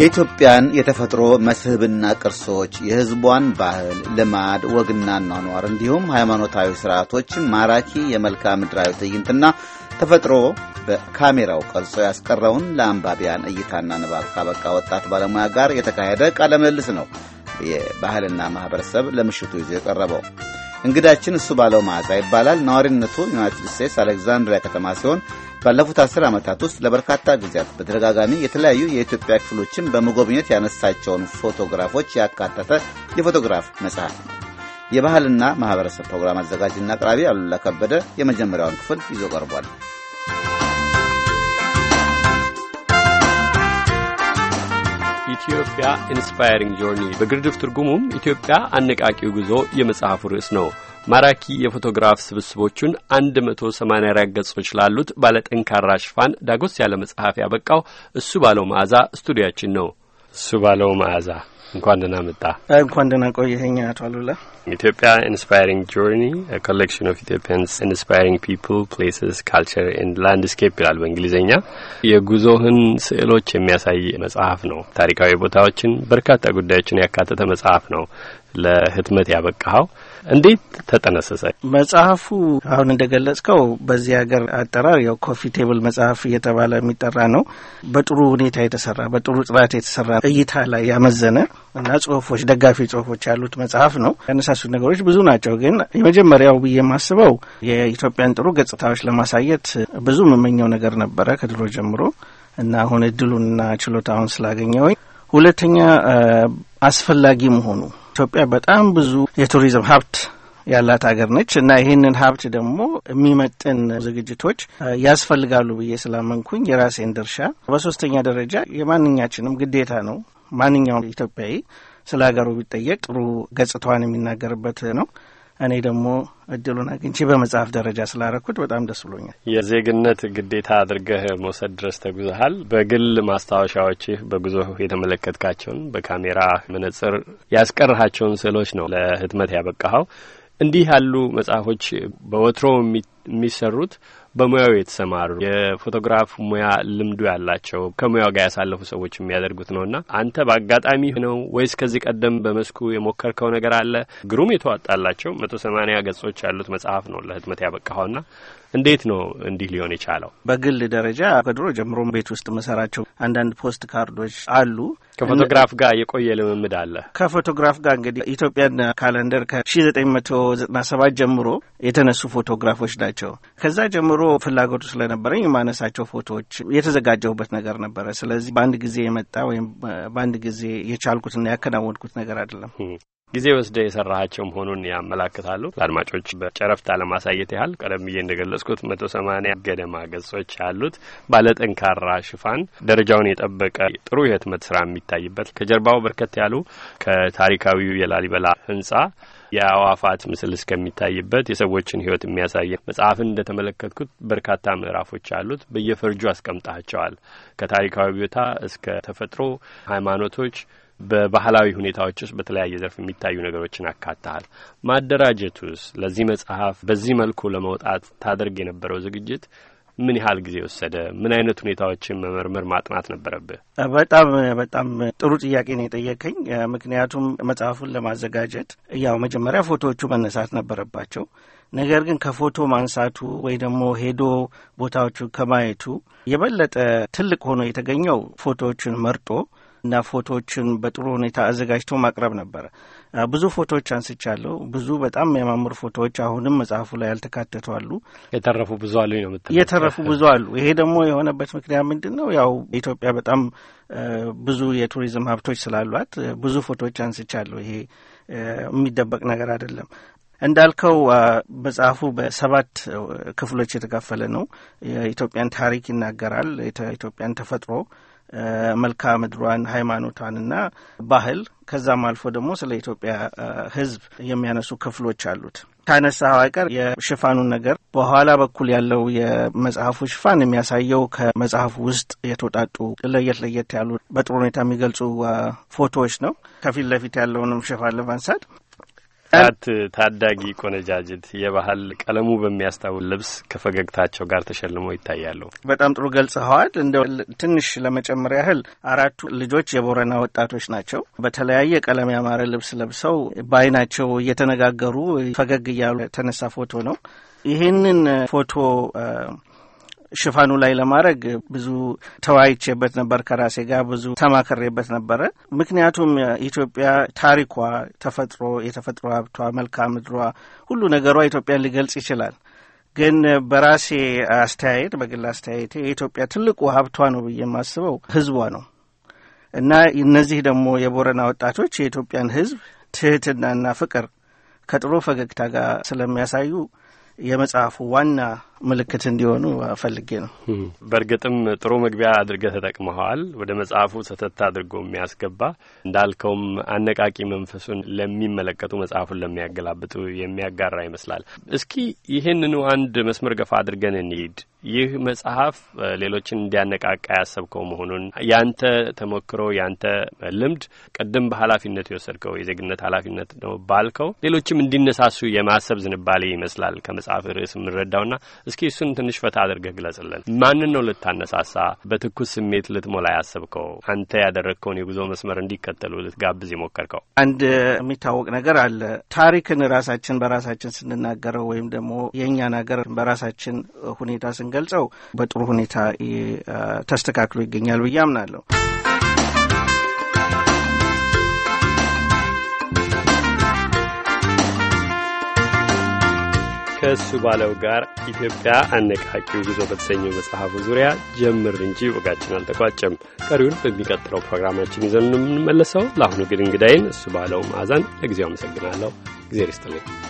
የኢትዮጵያን የተፈጥሮ መስህብና ቅርሶች የሕዝቧን ባህል፣ ልማድ፣ ወግና ኗኗር እንዲሁም ሃይማኖታዊ ስርዓቶች ማራኪ የመልክዓ ምድራዊ ትዕይንትና ተፈጥሮ በካሜራው ቀርጾ ያስቀረውን ለአንባቢያን እይታና ንባብ ካበቃ ወጣት ባለሙያ ጋር የተካሄደ ቃለ ምልልስ ነው የባህልና ማህበረሰብ ለምሽቱ ይዞ የቀረበው። እንግዳችን እሱ ባለው መዓዛ ይባላል። ነዋሪነቱ ዩናይትድ ስቴትስ አሌክዛንድሪያ ከተማ ሲሆን ባለፉት አስር ዓመታት ውስጥ ለበርካታ ጊዜያት በተደጋጋሚ የተለያዩ የኢትዮጵያ ክፍሎችን በመጎብኘት ያነሳቸውን ፎቶግራፎች ያካተተ የፎቶግራፍ መጽሐፍ ነው። የባህልና ማኅበረሰብ ፕሮግራም አዘጋጅና አቅራቢ አሉላ ከበደ የመጀመሪያውን ክፍል ይዞ ቀርቧል። ኢትዮጵያ ኢንስፓየሪንግ ጆርኒ በግርድፍ ትርጉሙም ኢትዮጵያ አነቃቂው ጉዞ የመጽሐፉ ርዕስ ነው። ማራኪ የፎቶግራፍ ስብስቦቹን አንድ መቶ ሰማኒያ አራት ገጾች ላሉት ባለጠንካራ ሽፋን ዳጎስ ያለ መጽሐፍ ያበቃው እሱ ባለው መዓዛ ስቱዲያችን ነው። እሱ ባለው መዓዛ እንኳን ደህና መጣ። እንኳን ደህና ቆየኸኝ አቶ አሉላ። ኢትዮጵያ ኢንስፓይሪንግ ጆርኒ ኮሌክሽን ኦፍ ኢትዮጵያንስ ኢንስፓይሪንግ ፒፕል ፕሌስስ ካልቸር ኤንድ ላንድስኬፕ ይላል በእንግሊዝኛ። የጉዞህን ስዕሎች የሚያሳይ መጽሐፍ ነው። ታሪካዊ ቦታዎችን፣ በርካታ ጉዳዮችን ያካተተ መጽሐፍ ነው ለህትመት ያበቃኸው። እንዴት ተጠነሰሰ መጽሐፉ? አሁን እንደገለጽከው በዚህ ሀገር አጠራር ያው ኮፊ ቴብል መጽሐፍ እየተባለ የሚጠራ ነው። በጥሩ ሁኔታ የተሰራ በጥሩ ጥራት የተሰራ እይታ ላይ ያመዘነ እና ጽሁፎች፣ ደጋፊ ጽሁፎች ያሉት መጽሐፍ ነው። ያነሳሱት ነገሮች ብዙ ናቸው፣ ግን የመጀመሪያው ብዬ የማስበው የኢትዮጵያን ጥሩ ገጽታዎች ለማሳየት ብዙ የምመኘው ነገር ነበረ ከድሮ ጀምሮ እና አሁን እድሉንና ችሎታውን ስላገኘውኝ፣ ሁለተኛ አስፈላጊ መሆኑ ኢትዮጵያ በጣም ብዙ የቱሪዝም ሀብት ያላት ሀገር ነች እና ይህንን ሀብት ደግሞ የሚመጥን ዝግጅቶች ያስፈልጋሉ ብዬ ስላመንኩኝ የራሴን ድርሻ፣ በሶስተኛ ደረጃ የማንኛችንም ግዴታ ነው። ማንኛውም ኢትዮጵያዊ ስለ ሀገሩ ቢጠየቅ ጥሩ ገጽታዋን የሚናገርበት ነው። እኔ ደግሞ እድሉን አግኝቼ በመጽሐፍ ደረጃ ስላረኩት በጣም ደስ ብሎኛል። የዜግነት ግዴታ አድርገህ መውሰድ ድረስ ተጉዘሃል። በግል ማስታወሻዎችህ በጉዞህ የተመለከትካቸውን በካሜራ መነጽር ያስቀርሃቸውን ስዕሎች ነው ለህትመት ያበቃኸው። እንዲህ ያሉ መጽሐፎች በወትሮ የሚሰሩት በሙያው የተሰማሩ የፎቶግራፍ ሙያ ልምዱ ያላቸው ከሙያው ጋር ያሳለፉ ሰዎች የሚያደርጉት ነው። እና አንተ በአጋጣሚ ነው ወይስ ከዚህ ቀደም በመስኩ የሞከርከው ነገር አለ? ግሩም የተዋጣላቸው መቶ ሰማኒያ ገጾች ያሉት መጽሐፍ ነው ለህትመት ና እንዴት ነው እንዲህ ሊሆን የቻለው? በግል ደረጃ ከድሮ ጀምሮ ቤት ውስጥ መሰራቸው አንዳንድ ፖስት ካርዶች አሉ። ከፎቶግራፍ ጋር የቆየ ልምምድ አለ። ከፎቶግራፍ ጋር እንግዲህ ኢትዮጵያን ካለንደር ከ ሺ ጀምሮ የተነሱ ፎቶግራፎች ናቸው። ናቸው። ከዛ ጀምሮ ፍላጎቱ ስለነበረኝ የማነሳቸው ፎቶዎች የተዘጋጀሁበት ነገር ነበረ። ስለዚህ በአንድ ጊዜ የመጣ ወይም በአንድ ጊዜ የቻልኩትና ያከናወንኩት ነገር አይደለም። ጊዜ ወስደ የሰራሃቸው መሆኑን ያመላክታሉ። ለአድማጮች በጨረፍታ ለማሳየት ያህል ቀደም ብዬ እንደገለጽኩት መቶ ሰማኒያ ገደማ ገጾች ያሉት ባለ ጠንካራ ሽፋን ደረጃውን የጠበቀ ጥሩ የህትመት ስራ የሚታይበት ከጀርባው በርከት ያሉ ከታሪካዊው የላሊበላ ህንጻ የአዋፋት ምስል እስከሚታይበት የሰዎችን ህይወት የሚያሳይ መጽሐፍን ተመለከትኩት በርካታ ምዕራፎች አሉት። በየፈርጁ አስቀምጣቸዋል። ከታሪካዊ ቦታ እስከ ተፈጥሮ፣ ሃይማኖቶች በባህላዊ ሁኔታዎች ውስጥ በተለያየ ዘርፍ የሚታዩ ነገሮችን አካታሃል። ማደራጀቱስ ለዚህ መጽሐፍ በዚህ መልኩ ለመውጣት ታደርግ የነበረው ዝግጅት ምን ያህል ጊዜ ወሰደ? ምን አይነት ሁኔታዎችን መመርመር ማጥናት ነበረብህ? በጣም በጣም ጥሩ ጥያቄ ነው የጠየቀኝ። ምክንያቱም መጽሐፉን ለማዘጋጀት ያው መጀመሪያ ፎቶዎቹ መነሳት ነበረባቸው። ነገር ግን ከፎቶ ማንሳቱ ወይ ደግሞ ሄዶ ቦታዎቹ ከማየቱ የበለጠ ትልቅ ሆኖ የተገኘው ፎቶዎቹን መርጦ እና ፎቶዎችን በጥሩ ሁኔታ አዘጋጅቶ ማቅረብ ነበረ። ብዙ ፎቶዎች አንስቻለሁ። ብዙ በጣም የሚያማምሩ ፎቶዎች አሁንም መጽሐፉ ላይ ያልተካተቱ አሉ። የተረፉ ብዙ አሉ ነው የተረፉ ብዙ አሉ። ይሄ ደግሞ የሆነበት ምክንያት ምንድን ነው? ያው ኢትዮጵያ በጣም ብዙ የቱሪዝም ሀብቶች ስላሏት ብዙ ፎቶዎች አንስቻለሁ። ይሄ የሚደበቅ ነገር አይደለም። እንዳልከው መጽሐፉ በሰባት ክፍሎች የተካፈለ ነው። የኢትዮጵያን ታሪክ ይናገራል። ኢትዮጵያን ተፈጥሮ መልክዓ ምድሯን፣ ሃይማኖቷንና ባህል ከዛም አልፎ ደግሞ ስለ ኢትዮጵያ ሕዝብ የሚያነሱ ክፍሎች አሉት። ካነሳኸው አይቀር የሽፋኑን ነገር በኋላ በኩል ያለው የመጽሐፉ ሽፋን የሚያሳየው ከመጽሐፉ ውስጥ የተውጣጡ ለየት ለየት ያሉ በጥሩ ሁኔታ የሚገልጹ ፎቶዎች ነው። ከፊት ለፊት ያለውንም ሽፋን ለማንሳት ወጣት ታዳጊ ቆነጃጅት የባህል ቀለሙ በሚያስታውል ልብስ ከፈገግታቸው ጋር ተሸልመው ይታያሉ። በጣም ጥሩ ገልጸዋል። እንደ ትንሽ ለመጨመር ያህል አራቱ ልጆች የቦረና ወጣቶች ናቸው። በተለያየ ቀለም ያማረ ልብስ ለብሰው በአይናቸው እየተነጋገሩ ፈገግ እያሉ የተነሳ ፎቶ ነው። ይህንን ፎቶ ሽፋኑ ላይ ለማድረግ ብዙ ተወያይቼበት ነበር ከራሴ ጋር ብዙ ተማክሬበት ነበረ። ምክንያቱም ኢትዮጵያ ታሪኳ፣ ተፈጥሮ፣ የተፈጥሮ ሀብቷ፣ መልክዓ ምድሯ፣ ሁሉ ነገሯ ኢትዮጵያን ሊገልጽ ይችላል። ግን በራሴ አስተያየት፣ በግል አስተያየቴ የኢትዮጵያ ትልቁ ሀብቷ ነው ብዬ የማስበው ህዝቧ ነው እና እነዚህ ደግሞ የቦረና ወጣቶች የኢትዮጵያን ህዝብ ትህትናና ፍቅር ከጥሩ ፈገግታ ጋር ስለሚያሳዩ የመጽሐፉ ዋና ምልክት እንዲሆኑ ፈልጌ ነው። በእርግጥም ጥሩ መግቢያ አድርገህ ተጠቅመኸዋል። ወደ መጽሐፉ ሰተት አድርጎ የሚያስገባ እንዳልከውም አነቃቂ መንፈሱን ለሚመለከቱ መጽሐፉን ለሚያገላብጡ የሚያጋራ ይመስላል። እስኪ ይህንኑ አንድ መስመር ገፋ አድርገን እንሂድ። ይህ መጽሐፍ ሌሎችን እንዲያነቃቃ ያሰብከው መሆኑን ያንተ ተሞክሮ ያንተ ልምድ ቅድም በኃላፊነት የወሰድከው የዜግነት ኃላፊነት ነው ባልከው ሌሎችም እንዲነሳሱ የማሰብ ዝንባሌ ይመስላል ከመጽሐፍ ርዕስ የምንረዳውና እስኪ እሱን ትንሽ ፈታ አድርገህ ግለጽልን። ማንን ነው ልታነሳሳ በትኩስ ስሜት ልትሞላ ያሰብከው? አንተ ያደረግከውን የጉዞ መስመር እንዲከተሉ ልትጋብዝ የሞከርከው? አንድ የሚታወቅ ነገር አለ። ታሪክን ራሳችን በራሳችን ስንናገረው ወይም ደግሞ የእኛን ሀገር በራሳችን ሁኔታ ስንገ የሚገልጸው በጥሩ ሁኔታ ተስተካክሎ ይገኛል ብዬ አምናለሁ። ከእሱ ባለው ጋር ኢትዮጵያ አነቃቂው ጉዞ በተሰኘው መጽሐፉ ዙሪያ ጀምር እንጂ ወጋችን አልተቋጨም። ቀሪውን በሚቀጥለው ፕሮግራማችን ይዘን ነው የምንመለሰው። ለአሁኑ ግን እንግዳይን እሱ ባለው ማዕዛን ለጊዜው አመሰግናለሁ። ጊዜ ርስጥልኝ